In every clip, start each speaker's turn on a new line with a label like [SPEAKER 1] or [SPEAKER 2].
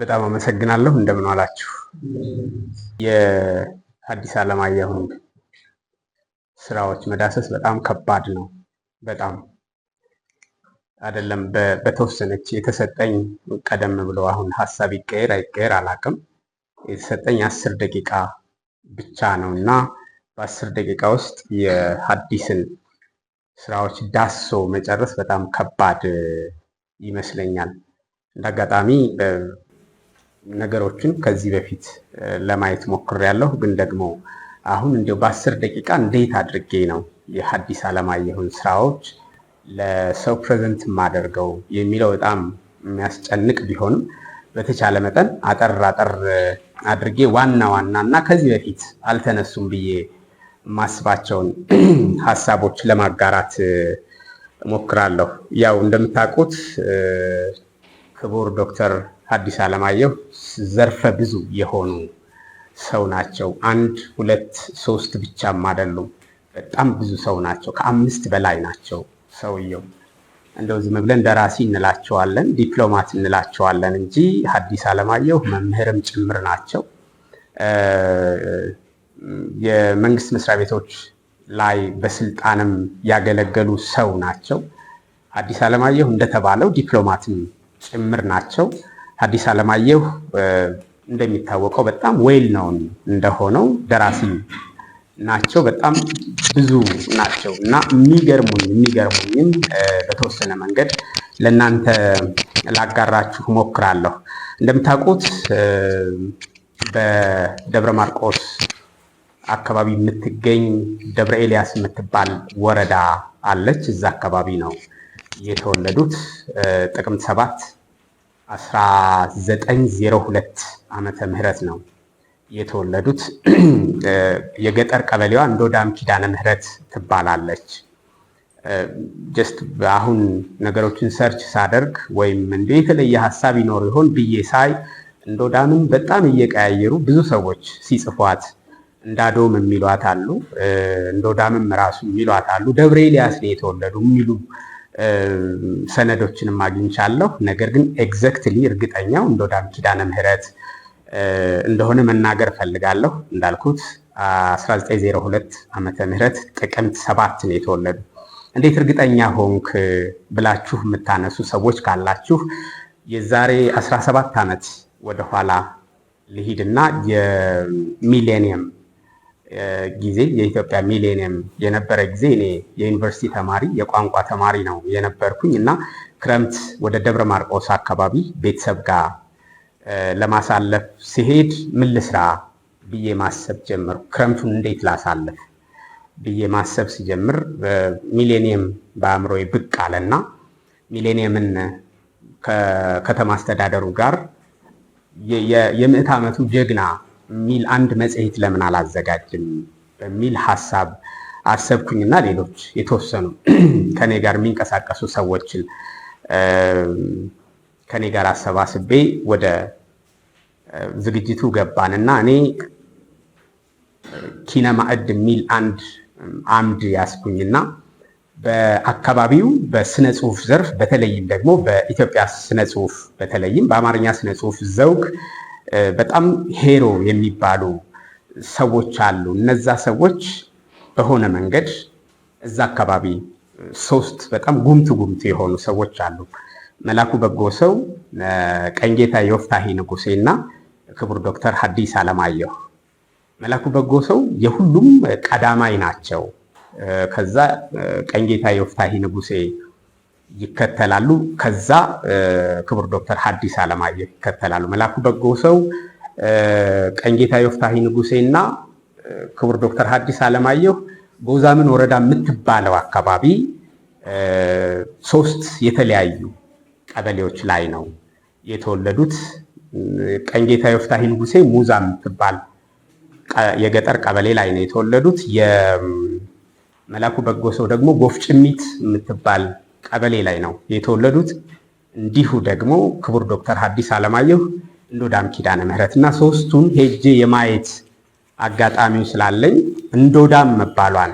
[SPEAKER 1] በጣም አመሰግናለሁ። እንደምን ዋላችሁ። የሐዲስ ዓለማየሁን ስራዎች መዳሰስ በጣም ከባድ ነው። በጣም አይደለም በተወሰነች የተሰጠኝ ቀደም ብሎ አሁን ሀሳብ ይቀየር አይቀየር አላቅም የተሰጠኝ አስር ደቂቃ ብቻ ነው እና በአስር ደቂቃ ውስጥ የሐዲስን ስራዎች ዳሶ መጨረስ በጣም ከባድ ይመስለኛል። እንደ አጋጣሚ ነገሮችን ከዚህ በፊት ለማየት ሞክሬያለሁ። ግን ደግሞ አሁን እንዲያው በአስር ደቂቃ እንዴት አድርጌ ነው የሐዲስ ዓለማየሁን ስራዎች ለሰው ፕሬዘንት የማደርገው የሚለው በጣም የሚያስጨንቅ ቢሆንም በተቻለ መጠን አጠር አጠር አድርጌ ዋና ዋና እና ከዚህ በፊት አልተነሱም ብዬ ማስባቸውን ሀሳቦች ለማጋራት ሞክራለሁ። ያው እንደምታውቁት ክቡር ዶክተር ሐዲስ ዓለማየሁ ዘርፈ ብዙ የሆኑ ሰው ናቸው። አንድ ሁለት ሶስት ብቻም አይደሉም። በጣም ብዙ ሰው ናቸው። ከአምስት በላይ ናቸው። ሰውየው እንደው ዝም ብለን ደራሲ እንላቸዋለን፣ ዲፕሎማት እንላቸዋለን እንጂ ሐዲስ ዓለማየሁ መምህርም ጭምር ናቸው። የመንግስት መስሪያ ቤቶች ላይ በስልጣንም ያገለገሉ ሰው ናቸው። ሐዲስ ዓለማየሁ እንደተባለው ዲፕሎማትም ጭምር ናቸው። ሐዲስ ዓለማየሁ እንደሚታወቀው በጣም ዌል ነውን እንደሆነው ደራሲ ናቸው። በጣም ብዙ ናቸው እና የሚገርሙኝ የሚገርሙኝም በተወሰነ መንገድ ለእናንተ ላጋራችሁ ሞክራለሁ። እንደምታውቁት በደብረ ማርቆስ አካባቢ የምትገኝ ደብረ ኤልያስ የምትባል ወረዳ አለች። እዛ አካባቢ ነው የተወለዱት ጥቅምት ሰባት 1902 ዓመተ ምህረት ነው የተወለዱት። የገጠር ቀበሌዋ እንዶዳም ኪዳነ ምህረት ትባላለች። ጀስት አሁን ነገሮችን ሰርች ሳደርግ ወይም እንዲ የተለየ ሀሳብ ይኖር ይሆን ብዬ ሳይ እንዶዳምን በጣም እየቀያየሩ ብዙ ሰዎች ሲጽፏት እንዳዶም የሚሏት አሉ፣ እንዶዳምም ራሱ የሚሏት አሉ፣ ደብረ ኤልያስ ነው የተወለዱ የሚሉ ሰነዶችንም አግኝቻለሁ። ነገር ግን ኤግዘክትሊ እርግጠኛው እንደ ወዳም ኪዳነ ምህረት እንደሆነ መናገር እፈልጋለሁ። እንዳልኩት 1902 ዓመተ ምህረት ጥቅምት ሰባት ነው የተወለዱ። እንዴት እርግጠኛ ሆንክ ብላችሁ የምታነሱ ሰዎች ካላችሁ የዛሬ 17 ዓመት ወደኋላ ልሂድና የሚሌኒየም ጊዜ የኢትዮጵያ ሚሌኒየም የነበረ ጊዜ እኔ የዩኒቨርሲቲ ተማሪ የቋንቋ ተማሪ ነው የነበርኩኝ እና ክረምት ወደ ደብረ ማርቆስ አካባቢ ቤተሰብ ጋር ለማሳለፍ ሲሄድ ምን ልስራ ብዬ ማሰብ ጀምር ክረምቱን እንዴት ላሳለፍ ብዬ ማሰብ ሲጀምር ሚሌኒየም በአእምሮ ብቅ አለና ሚሌኒየምን ከከተማ አስተዳደሩ ጋር የምዕት ዓመቱ ጀግና የሚል አንድ መጽሔት ለምን አላዘጋጅም በሚል ሀሳብ አሰብኩኝና ሌሎች የተወሰኑ ከኔ ጋር የሚንቀሳቀሱ ሰዎችን ከኔ ጋር አሰባስቤ ወደ ዝግጅቱ ገባን እኔ ኪነ ማዕድ የሚል አንድ አምድ ያስኩኝና በአካባቢው በስነ ጽሁፍ ዘርፍ በተለይም ደግሞ በኢትዮጵያ ስነ ጽሁፍ በተለይም በአማርኛ ስነ ጽሁፍ ዘውግ በጣም ሄሮ የሚባሉ ሰዎች አሉ። እነዛ ሰዎች በሆነ መንገድ እዛ አካባቢ ሶስት በጣም ጉምት ጉምት የሆኑ ሰዎች አሉ። መላኩ በጎ ሰው፣ ቀኝጌታ የወፍታሄ ንጉሴ እና ክቡር ዶክተር ሀዲስ አለማየሁ መላኩ በጎ ሰው የሁሉም ቀዳማይ ናቸው። ከዛ ቀኝጌታ የወፍታሄ ንጉሴ ይከተላሉ። ከዛ ክቡር ዶክተር ሐዲስ ዓለማየሁ ይከተላሉ። መላኩ በጎ ሰው፣ ቀንጌታ ዮፍታሂ ንጉሴ እና ክቡር ዶክተር ሐዲስ ዓለማየሁ ጎዛምን ወረዳ የምትባለው አካባቢ ሶስት የተለያዩ ቀበሌዎች ላይ ነው የተወለዱት። ቀንጌታ ዮፍታሂ ንጉሴ ሙዛ የምትባል የገጠር ቀበሌ ላይ ነው የተወለዱት። የመላኩ በጎ ሰው ደግሞ ጎፍጭሚት የምትባል ቀበሌ ላይ ነው የተወለዱት። እንዲሁ ደግሞ ክቡር ዶክተር ሐዲስ ዓለማየሁ እንዶዳም ኪዳነ ምሕረት እና ሶስቱም ሄጄ የማየት አጋጣሚው ስላለኝ እንዶዳም መባሏን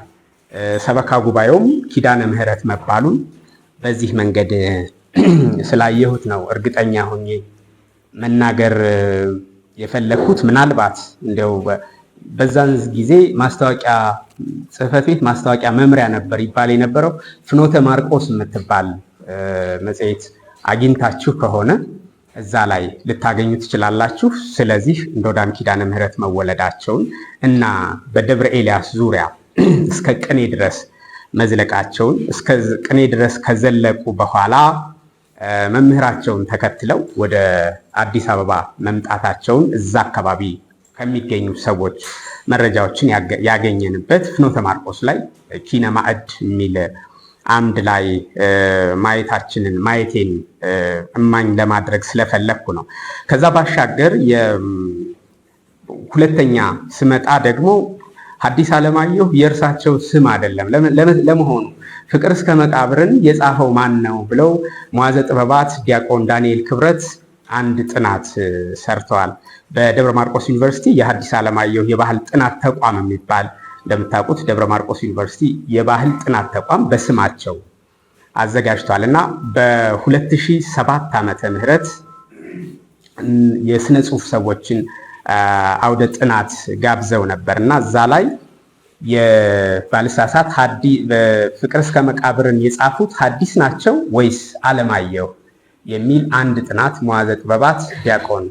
[SPEAKER 1] ሰበካ ጉባኤውም ኪዳነ ምሕረት መባሉን በዚህ መንገድ ስላየሁት ነው እርግጠኛ ሆኜ መናገር የፈለግኩት ምናልባት እንደው በዛን ጊዜ ማስታወቂያ ጽህፈት ቤት ማስታወቂያ መምሪያ ነበር ይባል የነበረው። ፍኖተ ማርቆስ የምትባል መጽሔት አግኝታችሁ ከሆነ እዛ ላይ ልታገኙ ትችላላችሁ። ስለዚህ እንዶዳም ኪዳነ ምህረት መወለዳቸውን እና በደብረ ኤልያስ ዙሪያ እስከ ቅኔ ድረስ መዝለቃቸውን እስከ ቅኔ ድረስ ከዘለቁ በኋላ መምህራቸውን ተከትለው ወደ አዲስ አበባ መምጣታቸውን እዛ አካባቢ ከሚገኙ ሰዎች መረጃዎችን ያገኘንበት ፍኖተ ማርቆስ ላይ ኪነ ማዕድ የሚል አምድ ላይ ማየታችንን ማየቴን እማኝ ለማድረግ ስለፈለግኩ ነው። ከዛ ባሻገር ሁለተኛ ስመጣ ደግሞ ሐዲስ ዓለማየሁ የእርሳቸው ስም አይደለም። ለመሆኑ ፍቅር እስከ መቃብርን የጻፈው ማን ነው ብለው መዋዘ ጥበባት ዲያቆን ዳንኤል ክብረት አንድ ጥናት ሰርተዋል። በደብረ ማርቆስ ዩኒቨርሲቲ የሐዲስ ዓለማየሁ የባህል ጥናት ተቋም የሚባል እንደምታውቁት ደብረ ማርቆስ ዩኒቨርሲቲ የባህል ጥናት ተቋም በስማቸው አዘጋጅቷል እና በ2007 ዓመተ ምህረት የስነ ጽሁፍ ሰዎችን አውደ ጥናት ጋብዘው ነበር እና እዛ ላይ የባልሳሳት ፍቅር እስከ መቃብርን የጻፉት ሐዲስ ናቸው ወይስ ዓለማየሁ የሚል አንድ ጥናት መዋዘ ጥበባት ዲያቆን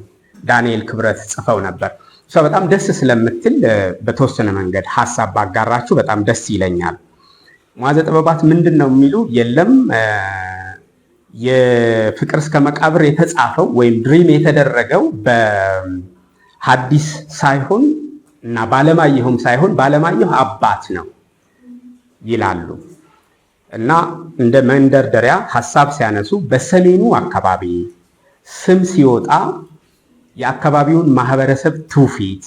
[SPEAKER 1] ዳንኤል ክብረት ጽፈው ነበር። እሷ በጣም ደስ ስለምትል በተወሰነ መንገድ ሀሳብ ባጋራችሁ በጣም ደስ ይለኛል። መዋዘ ጥበባት ምንድን ነው የሚሉ የለም የፍቅር እስከ መቃብር የተጻፈው ወይም ድሪም የተደረገው በሀዲስ ሳይሆን እና ባለማየሁም ሳይሆን ባለማየሁ አባት ነው ይላሉ። እና እንደ መንደርደሪያ ሀሳብ ሲያነሱ በሰሜኑ አካባቢ ስም ሲወጣ የአካባቢውን ማህበረሰብ ትውፊት፣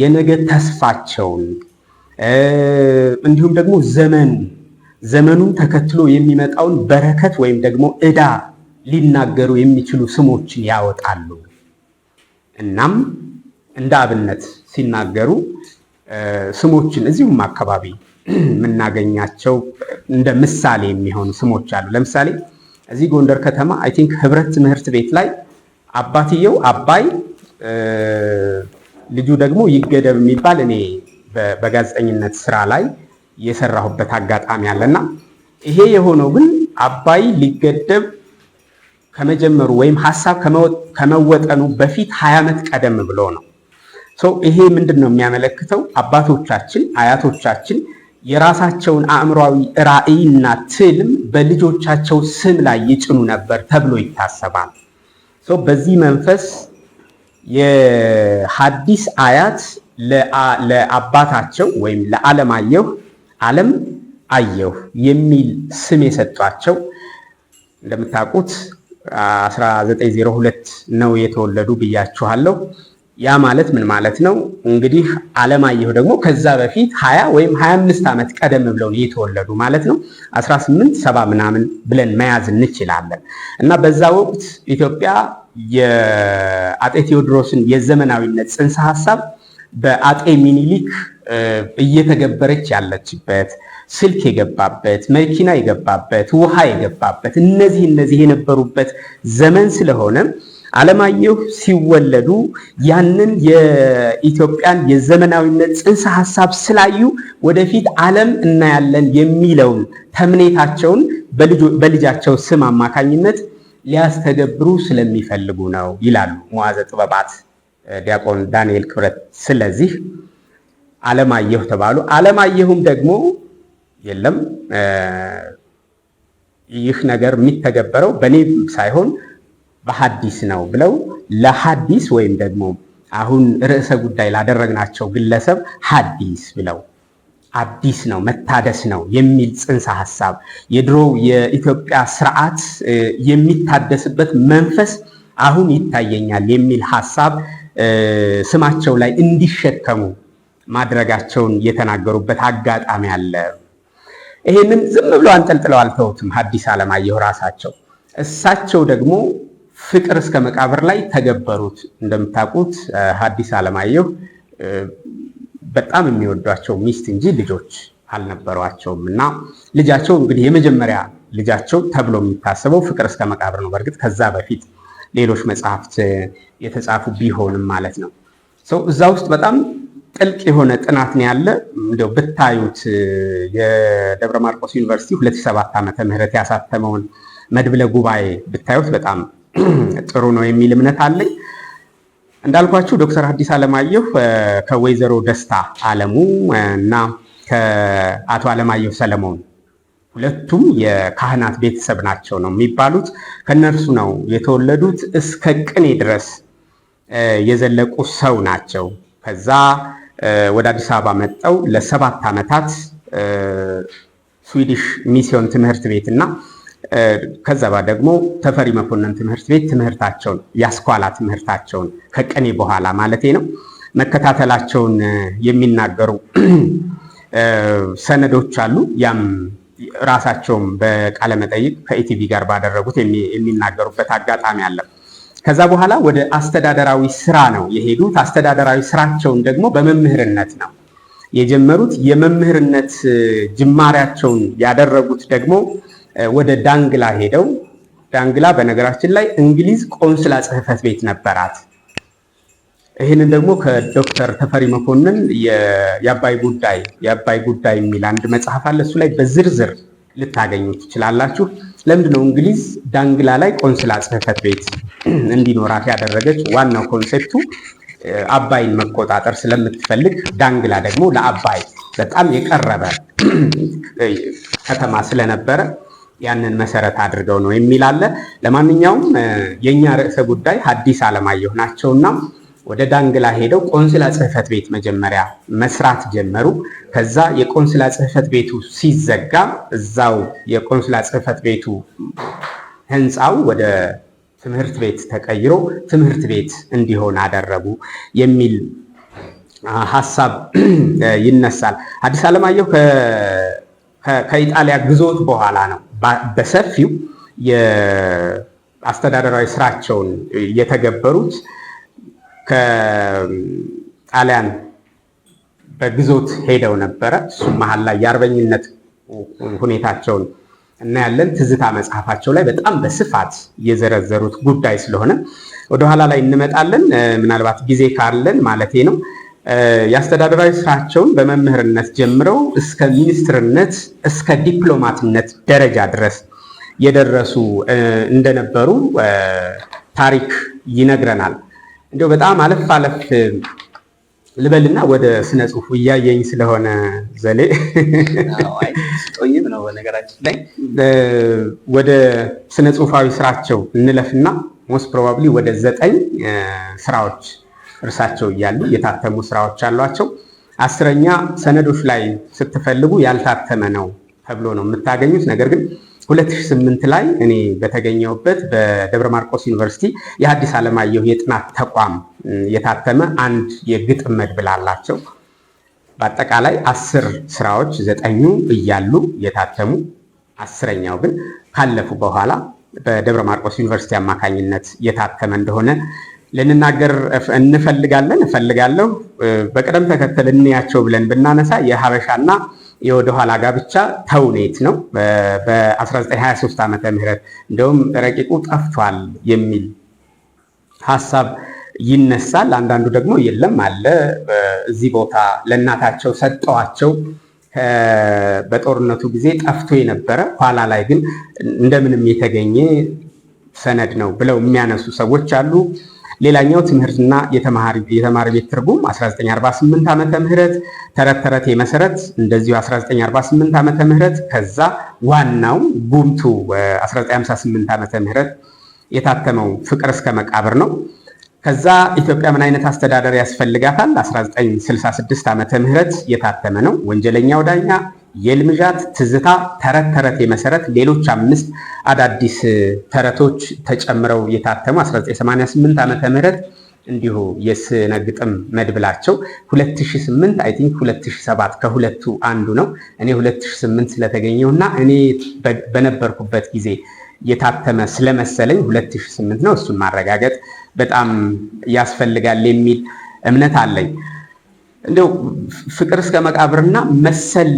[SPEAKER 1] የነገ ተስፋቸውን እንዲሁም ደግሞ ዘመን ዘመኑን ተከትሎ የሚመጣውን በረከት ወይም ደግሞ እዳ ሊናገሩ የሚችሉ ስሞችን ያወጣሉ። እናም እንደ አብነት ሲናገሩ ስሞችን እዚሁም አካባቢ የምናገኛቸው እንደ ምሳሌ የሚሆኑ ስሞች አሉ። ለምሳሌ እዚህ ጎንደር ከተማ አይ ቲንክ ህብረት ትምህርት ቤት ላይ አባትየው አባይ ልጁ ደግሞ ይገደብ የሚባል እኔ በጋዜጠኝነት ስራ ላይ የሰራሁበት አጋጣሚ አለና ይሄ የሆነው ግን አባይ ሊገደብ ከመጀመሩ ወይም ሀሳብ ከመወጠኑ በፊት ሀያ ዓመት ቀደም ብሎ ነው። ይሄ ምንድን ነው የሚያመለክተው? አባቶቻችን አያቶቻችን የራሳቸውን አእምሯዊ ራዕይና ትልም በልጆቻቸው ስም ላይ ይጭኑ ነበር ተብሎ ይታሰባል። በዚህ መንፈስ የሐዲስ አያት ለአባታቸው ወይም አየሁ ዓለም አየሁ የሚል ስም የሰጧቸው እንደምታውቁት 1902 ነው የተወለዱ ብያችኋለሁ። ያ ማለት ምን ማለት ነው? እንግዲህ አለማየሁ ደግሞ ከዛ በፊት 20 ወይም 25 ዓመት ቀደም ብለው የተወለዱ ማለት ነው። 18 ሰባ ምናምን ብለን መያዝ እንችላለን እና በዛ ወቅት ኢትዮጵያ የአጤ ቴዎድሮስን የዘመናዊነት ጽንሰ ሐሳብ በአጤ ሚኒሊክ እየተገበረች ያለችበት ስልክ የገባበት መኪና የገባበት ውሃ የገባበት እነዚህ እነዚህ የነበሩበት ዘመን ስለሆነ አለማየሁ ሲወለዱ ያንን የኢትዮጵያን የዘመናዊነት ጽንሰ ሀሳብ ስላዩ ወደፊት ዓለም እናያለን የሚለውን ተምኔታቸውን በልጃቸው ስም አማካኝነት ሊያስተገብሩ ስለሚፈልጉ ነው ይላሉ መዋዘ ጥበባት ዲያቆን ዳንኤል ክብረት። ስለዚህ አለማየሁ ተባሉ። አለማየሁም ደግሞ የለም ይህ ነገር የሚተገበረው በእኔ ሳይሆን በሐዲስ ነው ብለው ለሐዲስ ወይም ደግሞ አሁን ርዕሰ ጉዳይ ላደረግናቸው ግለሰብ ሐዲስ ብለው አዲስ ነው መታደስ ነው የሚል ጽንሰ ሐሳብ የድሮው የኢትዮጵያ ስርዓት የሚታደስበት መንፈስ አሁን ይታየኛል የሚል ሐሳብ ስማቸው ላይ እንዲሸከሙ ማድረጋቸውን የተናገሩበት አጋጣሚ አለ። ይህንን ዝም ብሎ አንጠልጥለው አልተውትም ሐዲስ ዓለማየሁ ራሳቸው እሳቸው ደግሞ ፍቅር እስከ መቃብር ላይ ተገበሩት። እንደምታውቁት ሐዲስ ዓለማየሁ በጣም የሚወዷቸው ሚስት እንጂ ልጆች አልነበሯቸውም እና ልጃቸው እንግዲህ የመጀመሪያ ልጃቸው ተብሎ የሚታሰበው ፍቅር እስከ መቃብር ነው። በእርግጥ ከዛ በፊት ሌሎች መጽሐፍት የተጻፉ ቢሆንም ማለት ነው። ሰው እዛ ውስጥ በጣም ጥልቅ የሆነ ጥናት ነው ያለ። እንደው ብታዩት የደብረ ማርቆስ ዩኒቨርሲቲ 2007 ዓመተ ምህረት ያሳተመውን መድብለ ጉባኤ ብታዩት በጣም ጥሩ ነው የሚል እምነት አለኝ። እንዳልኳችሁ ዶክተር ሐዲስ ዓለማየሁ ከወይዘሮ ደስታ አለሙ እና ከአቶ ዓለማየሁ ሰለሞን ሁለቱም የካህናት ቤተሰብ ናቸው ነው የሚባሉት። ከነርሱ ነው የተወለዱት። እስከ ቅኔ ድረስ የዘለቁ ሰው ናቸው። ከዛ ወደ አዲስ አበባ መጠው ለሰባት ዓመታት ስዊዲሽ ሚስዮን ትምህርት ቤት እና ከዛ ባ ደግሞ ተፈሪ መኮንን ትምህርት ቤት ትምህርታቸውን የአስኳላ ትምህርታቸውን ከቅኔ በኋላ ማለቴ ነው መከታተላቸውን የሚናገሩ ሰነዶች አሉ። ያም ራሳቸውም በቃለ መጠይቅ ከኢቲቪ ጋር ባደረጉት የሚናገሩበት አጋጣሚ አለ። ከዛ በኋላ ወደ አስተዳደራዊ ስራ ነው የሄዱት። አስተዳደራዊ ስራቸውን ደግሞ በመምህርነት ነው የጀመሩት። የመምህርነት ጅማሪያቸውን ያደረጉት ደግሞ ወደ ዳንግላ ሄደው ዳንግላ በነገራችን ላይ እንግሊዝ ቆንስላ ጽህፈት ቤት ነበራት። ይህንን ደግሞ ከዶክተር ተፈሪ መኮንን የአባይ ጉዳይ የአባይ ጉዳይ የሚል አንድ መጽሐፍ አለ። እሱ ላይ በዝርዝር ልታገኙ ትችላላችሁ። ለምንድነው እንግሊዝ ዳንግላ ላይ ቆንስላ ጽህፈት ቤት እንዲኖራት ያደረገች? ዋናው ኮንሴፕቱ አባይን መቆጣጠር ስለምትፈልግ፣ ዳንግላ ደግሞ ለአባይ በጣም የቀረበ ከተማ ስለነበረ ያንን መሰረት አድርገው ነው የሚል አለ። ለማንኛውም የእኛ ርዕሰ ጉዳይ ሐዲስ ዓለማየሁ ናቸውና ወደ ዳንግላ ሄደው ቆንስላ ጽህፈት ቤት መጀመሪያ መስራት ጀመሩ። ከዛ የቆንስላ ጽህፈት ቤቱ ሲዘጋ እዛው የቆንስላ ጽህፈት ቤቱ ህንፃው ወደ ትምህርት ቤት ተቀይሮ ትምህርት ቤት እንዲሆን አደረጉ የሚል ሀሳብ ይነሳል። ሐዲስ ዓለማየሁ ከኢጣሊያ ግዞት በኋላ ነው በሰፊው የአስተዳደራዊ ስራቸውን የተገበሩት። ከጣሊያን በግዞት ሄደው ነበረ። እሱም መሀል ላይ የአርበኝነት ሁኔታቸውን እናያለን። ትዝታ መጽሐፋቸው ላይ በጣም በስፋት የዘረዘሩት ጉዳይ ስለሆነ ወደኋላ ላይ እንመጣለን። ምናልባት ጊዜ ካለን ማለቴ ነው። የአስተዳደራዊ ስራቸውን በመምህርነት ጀምረው እስከ ሚኒስትርነት እስከ ዲፕሎማትነት ደረጃ ድረስ የደረሱ እንደነበሩ ታሪክ ይነግረናል። እንዲሁ በጣም አለፍ አለፍ ልበልና ወደ ስነ ጽሁፉ እያየኝ ስለሆነ ዘሌ ነው። በነገራችን ላይ ወደ ስነ ጽሁፋዊ ስራቸው እንለፍና ሞስት ፕሮባብሊ ወደ ዘጠኝ ስራዎች እርሳቸው እያሉ የታተሙ ስራዎች አሏቸው። አስረኛ ሰነዶች ላይ ስትፈልጉ ያልታተመ ነው ተብሎ ነው የምታገኙት። ነገር ግን 2008 ላይ እኔ በተገኘሁበት በደብረ ማርቆስ ዩኒቨርሲቲ የሐዲስ ዓለማየሁ የጥናት ተቋም የታተመ አንድ የግጥም መድብል አላቸው። በአጠቃላይ አስር ስራዎች ዘጠኙ እያሉ የታተሙ አስረኛው ግን ካለፉ በኋላ በደብረ ማርቆስ ዩኒቨርሲቲ አማካኝነት የታተመ እንደሆነ ልንናገር እንፈልጋለን እፈልጋለሁ በቅደም ተከተል እንያቸው ብለን ብናነሳ የሀበሻና የወደኋላ ጋብቻ ተውኔት ነው። በ1923 ዓመተ ምህረት እንደውም ረቂቁ ጠፍቷል የሚል ሀሳብ ይነሳል። አንዳንዱ ደግሞ የለም አለ እዚህ ቦታ ለእናታቸው ሰጠዋቸው በጦርነቱ ጊዜ ጠፍቶ የነበረ ኋላ ላይ ግን እንደምንም የተገኘ ሰነድ ነው ብለው የሚያነሱ ሰዎች አሉ። ሌላኛው ትምህርትና የተማሪ ቤት ትርጉም 1948 ዓመተ ምህረት ተረት ተረቴ መሰረት እንደዚሁ 1948 ዓመተ ምህረት ከዛ ዋናው ጉምቱ 1958 ዓመተ ምህረት የታተመው ፍቅር እስከ መቃብር ነው። ከዛ ኢትዮጵያ ምን አይነት አስተዳደር ያስፈልጋታል 1966 ዓመተ ምህረት የታተመ ነው። ወንጀለኛው ዳኛ የልምዣት ትዝታ ተረት ተረቴ መሰረት ሌሎች አምስት አዳዲስ ተረቶች ተጨምረው የታተሙ 1988 ዓ ም እንዲሁ የስነ ግጥም መድብላቸው 2008 አይ ቲንክ 2007 ከሁለቱ አንዱ ነው። እኔ 2008 ስለተገኘው እና እኔ በነበርኩበት ጊዜ የታተመ ስለመሰለኝ 2008 ነው። እሱን ማረጋገጥ በጣም ያስፈልጋል የሚል እምነት አለኝ። እንዲያው ፍቅር እስከ መቃብርና መሰል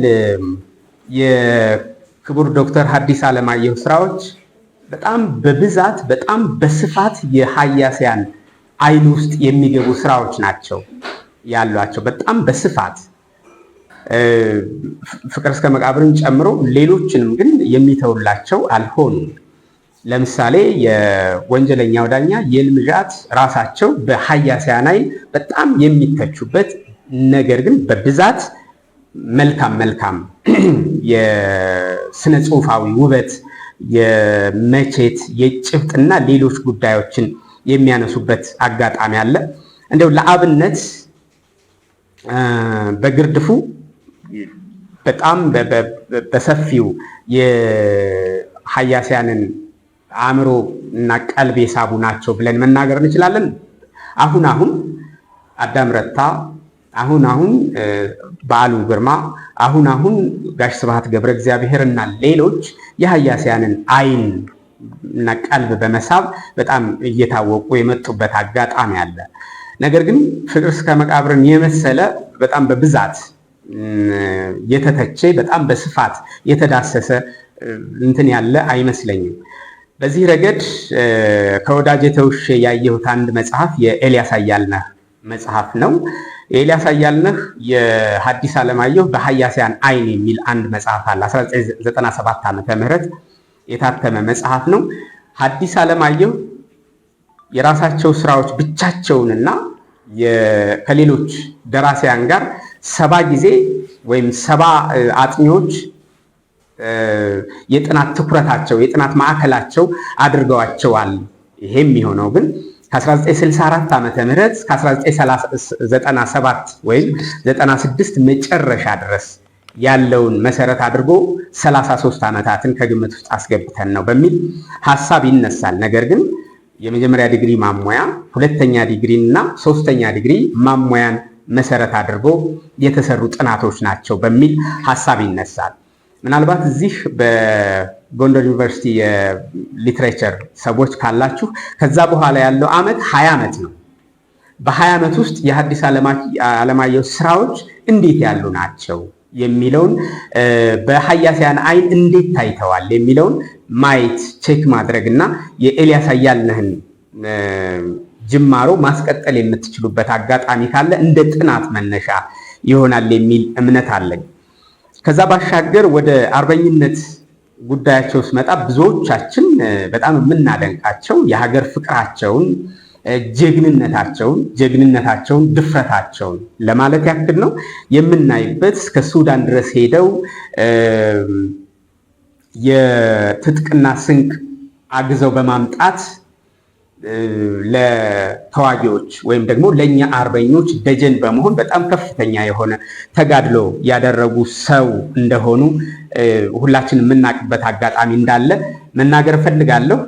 [SPEAKER 1] የክቡር ዶክተር ሐዲስ ዓለማየሁ ስራዎች በጣም በብዛት በጣም በስፋት የሀያሲያን አይን ውስጥ የሚገቡ ስራዎች ናቸው ያሏቸው። በጣም በስፋት ፍቅር እስከ መቃብርን ጨምሮ ሌሎችንም ግን የሚተውላቸው አልሆኑም። ለምሳሌ የወንጀለኛው ዳኛ የልምዣት ራሳቸው በሀያሲያን አይን በጣም የሚተቹበት ነገር ግን በብዛት መልካም መልካም የስነ ጽሁፋዊ ውበት የመቼት የጭብጥና ሌሎች ጉዳዮችን የሚያነሱበት አጋጣሚ አለ። እንደው ለአብነት በግርድፉ በጣም በሰፊው የሀያሲያንን አእምሮ እና ቀልብ የሳቡ ናቸው ብለን መናገር እንችላለን። አሁን አሁን አዳም ረታ አሁን አሁን በዓሉ ግርማ አሁን አሁን ጋሽ ስብሐት ገብረ እግዚአብሔርና ሌሎች የሀያሲያንን አይን እና ቀልብ በመሳብ በጣም እየታወቁ የመጡበት አጋጣሚ አለ። ነገር ግን ፍቅር እስከ መቃብርን የመሰለ በጣም በብዛት የተተቸ በጣም በስፋት የተዳሰሰ እንትን ያለ አይመስለኝም። በዚህ ረገድ ከወዳጅ የተውሼ ያየሁት አንድ መጽሐፍ የኤልያስ አያልነህ መጽሐፍ ነው። ኤልያስ አያልነህ የሐዲስ ዓለማየሁ በሀያሲያን አይን የሚል አንድ መጽሐፍ አለ። 1997 ዓ ምህረት የታተመ መጽሐፍ ነው። ሐዲስ ዓለማየሁ የራሳቸው ስራዎች ብቻቸውንና ከሌሎች ደራሲያን ጋር ሰባ ጊዜ ወይም ሰባ አጥኚዎች የጥናት ትኩረታቸው የጥናት ማዕከላቸው አድርገዋቸዋል። ይሄም የሆነው ግን ከ1964 ዓመተ ም እስከ 1997 ወይም 96 መጨረሻ ድረስ ያለውን መሰረት አድርጎ 33 ዓመታትን ከግምት ውስጥ አስገብተን ነው በሚል ሀሳብ ይነሳል። ነገር ግን የመጀመሪያ ዲግሪ ማሟያ፣ ሁለተኛ ዲግሪ እና ሶስተኛ ዲግሪ ማሟያን መሰረት አድርጎ የተሰሩ ጥናቶች ናቸው በሚል ሀሳብ ይነሳል። ምናልባት እዚህ ጎንደር ዩኒቨርሲቲ የሊትሬቸር ሰዎች ካላችሁ ከዛ በኋላ ያለው አመት ሀያ ዓመት ነው። በሀያ ዓመት ውስጥ የሐዲስ ዓለማየሁ ስራዎች እንዴት ያሉ ናቸው የሚለውን በሀያሲያን አይን እንዴት ታይተዋል የሚለውን ማየት ቼክ ማድረግ እና የኤልያስ አያልነህን ጅማሮ ማስቀጠል የምትችሉበት አጋጣሚ ካለ እንደ ጥናት መነሻ ይሆናል የሚል እምነት አለኝ። ከዛ ባሻገር ወደ አርበኝነት ጉዳያቸው ስመጣ ብዙዎቻችን በጣም የምናደንቃቸው የሀገር ፍቅራቸውን፣ ጀግንነታቸውን ጀግንነታቸውን ድፍረታቸውን ለማለት ያክል ነው የምናይበት እስከ ሱዳን ድረስ ሄደው የትጥቅና ስንቅ አግዘው በማምጣት ለተዋጊዎች ወይም ደግሞ ለእኛ አርበኞች ደጀን በመሆን በጣም ከፍተኛ የሆነ ተጋድሎ ያደረጉ ሰው እንደሆኑ ሁላችን የምናውቅበት አጋጣሚ እንዳለ መናገር እፈልጋለሁ፣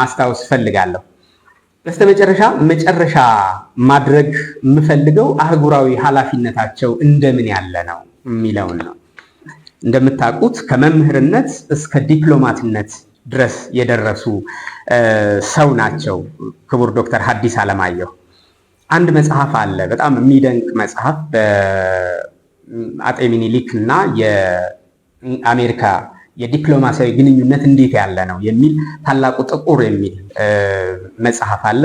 [SPEAKER 1] ማስታወስ እፈልጋለሁ። በስተመጨረሻ መጨረሻ ማድረግ የምፈልገው አህጉራዊ ኃላፊነታቸው እንደምን ያለ ነው የሚለውን ነው። እንደምታውቁት ከመምህርነት እስከ ዲፕሎማትነት ድረስ የደረሱ ሰው ናቸው። ክቡር ዶክተር ሐዲስ ዓለማየሁ አንድ መጽሐፍ አለ፣ በጣም የሚደንቅ መጽሐፍ በአጤ ሚኒሊክ እና የአሜሪካ የዲፕሎማሲያዊ ግንኙነት እንዴት ያለ ነው የሚል ታላቁ ጥቁር የሚል መጽሐፍ አለ።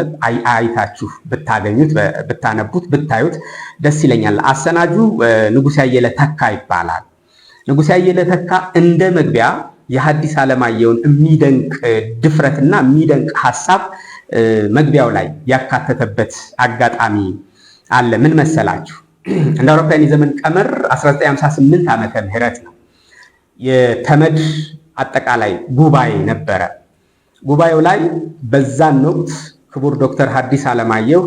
[SPEAKER 1] አይታችሁ ብታገኙት ብታነቡት ብታዩት ደስ ይለኛል። አሰናጁ ንጉሴ አየለ ተካ ይባላል። ንጉሴ አየለ ተካ እንደ መግቢያ የሐዲስ ዓለማየሁን የሚደንቅ ድፍረትና የሚደንቅ ሀሳብ መግቢያው ላይ ያካተተበት አጋጣሚ አለ። ምን መሰላችሁ? እንደ አውሮፓውያን የዘመን ቀመር 1958 ዓመተ ምህረት ነው። የተመድ አጠቃላይ ጉባኤ ነበረ። ጉባኤው ላይ በዛን ወቅት ክቡር ዶክተር ሐዲስ ዓለማየሁ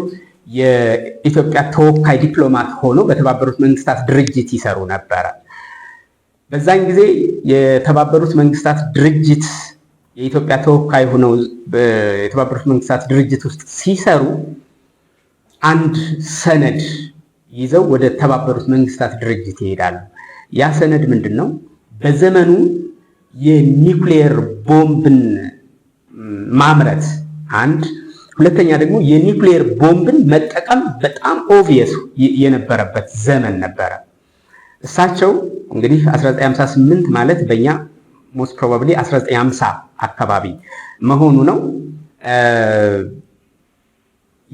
[SPEAKER 1] የኢትዮጵያ ተወካይ ዲፕሎማት ሆኖ በተባበሩት መንግስታት ድርጅት ይሰሩ ነበረ። በዛን ጊዜ የተባበሩት መንግስታት ድርጅት የኢትዮጵያ ተወካይ ሆነው የተባበሩት መንግስታት ድርጅት ውስጥ ሲሰሩ አንድ ሰነድ ይዘው ወደ ተባበሩት መንግስታት ድርጅት ይሄዳሉ። ያ ሰነድ ምንድን ነው? በዘመኑ የኒውክሌየር ቦምብን ማምረት አንድ፣ ሁለተኛ ደግሞ የኒውክሌየር ቦምብን መጠቀም በጣም ኦቪየስ የነበረበት ዘመን ነበረ። እሳቸው እንግዲህ 1958 ማለት በእኛ ሞስት ፕሮባብሊ 1950 አካባቢ መሆኑ ነው።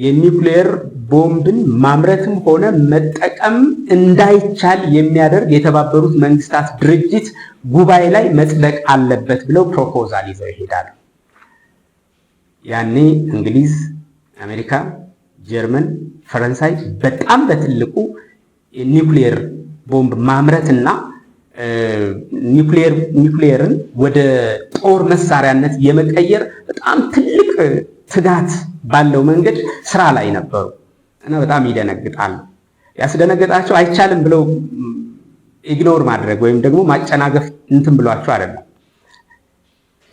[SPEAKER 1] የኒውክሌር ቦምብን ማምረትም ሆነ መጠቀም እንዳይቻል የሚያደርግ የተባበሩት መንግስታት ድርጅት ጉባኤ ላይ መጽደቅ አለበት ብለው ፕሮፖዛል ይዘው ይሄዳሉ። ያኔ እንግሊዝ፣ አሜሪካ፣ ጀርመን፣ ፈረንሳይ በጣም በትልቁ የኒውክሌር ቦምብ ማምረትና ኒውክሊየርን ወደ ጦር መሳሪያነት የመቀየር በጣም ትልቅ ትጋት ባለው መንገድ ስራ ላይ ነበሩ እና በጣም ይደነግጣል። ያስደነገጣቸው አይቻልም ብለው ኢግኖር ማድረግ ወይም ደግሞ ማጨናገፍ እንትን ብሏቸው አይደለም።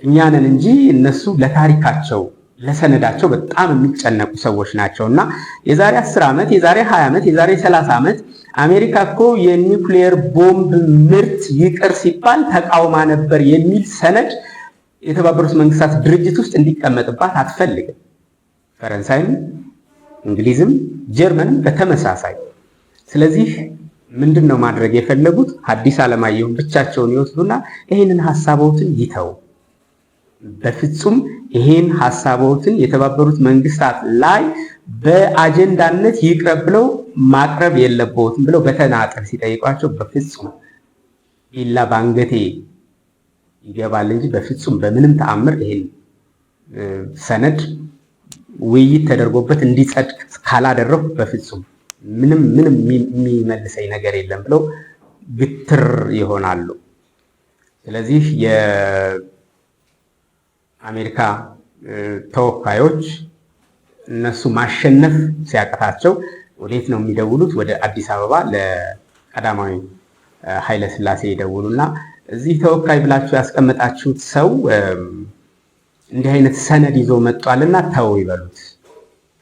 [SPEAKER 1] እኛንን እንጂ እነሱ ለታሪካቸው ለሰነዳቸው በጣም የሚጨነቁ ሰዎች ናቸው እና የዛሬ 10 ዓመት የዛሬ 20 ዓመት የዛሬ 30 ዓመት አሜሪካ እኮ የኒውክሊየር ቦምብ ምርት ይቅር ሲባል ተቃውማ ነበር የሚል ሰነድ የተባበሩት መንግስታት ድርጅት ውስጥ እንዲቀመጥባት አትፈልግም። ፈረንሳይም፣ እንግሊዝም፣ ጀርመንም በተመሳሳይ። ስለዚህ ምንድን ነው ማድረግ የፈለጉት? ሐዲስ ዓለማየሁ ብቻቸውን ይወስዱና ይህንን ሀሳቦትን ይተው በፍጹም ይሄን ሀሳቦትን የተባበሩት መንግስታት ላይ በአጀንዳነት ይቅረብ ብለው ማቅረብ የለበትም ብለው በተናጠል ሲጠይቋቸው በፍጹም ቢላ ባንገቴ ይገባል እንጂ በፍጹም በምንም ተአምር ይሄን ሰነድ ውይይት ተደርጎበት እንዲጸድቅ ካላደረኩ በፍጹም ምንም ምንም የሚመልሰኝ ነገር የለም ብለው ግትር ይሆናሉ። ስለዚህ አሜሪካ ተወካዮች እነሱ ማሸነፍ ሲያቀታቸው ወዴት ነው የሚደውሉት? ወደ አዲስ አበባ ለቀዳማዊ ኃይለ ስላሴ ይደውሉና እዚህ ተወካይ ብላችሁ ያስቀመጣችሁት ሰው እንዲህ አይነት ሰነድ ይዞ መጥቷልና ተው ይበሉት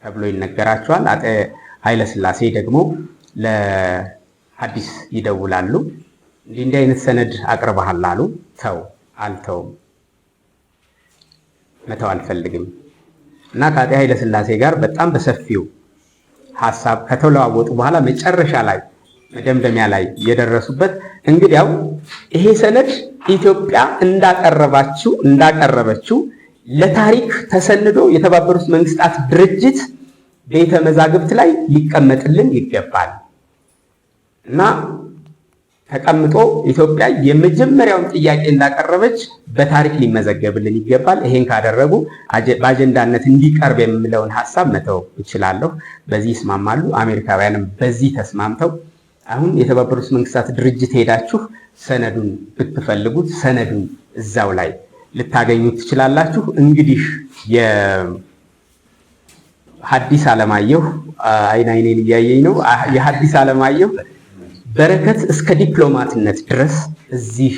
[SPEAKER 1] ተብሎ ይነገራቸዋል። አጤ ኃይለ ስላሴ ደግሞ ለሐዲስ ይደውላሉ። እንዲህ እንዲህ አይነት ሰነድ አቅርበሃል አሉ። ተው አልተውም መተው አልፈልግም እና ከአጤ ኃይለሥላሴ ጋር በጣም በሰፊው ሀሳብ ከተለዋወጡ በኋላ መጨረሻ ላይ መደምደሚያ ላይ የደረሱበት እንግዲያው ይሄ ሰነድ ኢትዮጵያ እንዳቀረባችው እንዳቀረበችው ለታሪክ ተሰንዶ የተባበሩት መንግስታት ድርጅት ቤተ መዛግብት ላይ ሊቀመጥልን ይገባል እና ተቀምጦ ኢትዮጵያ የመጀመሪያውን ጥያቄ እንዳቀረበች በታሪክ ሊመዘገብልን ይገባል። ይሄን ካደረጉ በአጀንዳነት እንዲቀርብ የምለውን ሀሳብ መተው እችላለሁ። በዚህ ይስማማሉ። አሜሪካውያንም በዚህ ተስማምተው አሁን የተባበሩት መንግስታት ድርጅት ሄዳችሁ ሰነዱን ብትፈልጉት ሰነዱን እዛው ላይ ልታገኙት ትችላላችሁ። እንግዲህ የሀዲስ አለማየሁ አይን አይኔን እያየኝ ነው። የሀዲስ አለማየሁ በረከት እስከ ዲፕሎማትነት ድረስ እዚህ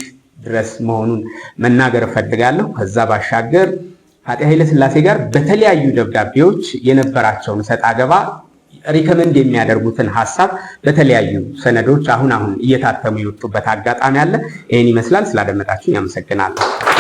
[SPEAKER 1] ድረስ መሆኑን መናገር እፈልጋለሁ። ከዛ ባሻገር አጤ ስላሴ ጋር በተለያዩ ደብዳቤዎች የነበራቸውን ሰጥ አገባ ሪከመንድ የሚያደርጉትን ሀሳብ በተለያዩ ሰነዶች አሁን አሁን እየታተሙ የወጡበት አጋጣሚ አለ። ይህን ይመስላል። ስላደመጣችሁ ያመሰግናለሁ።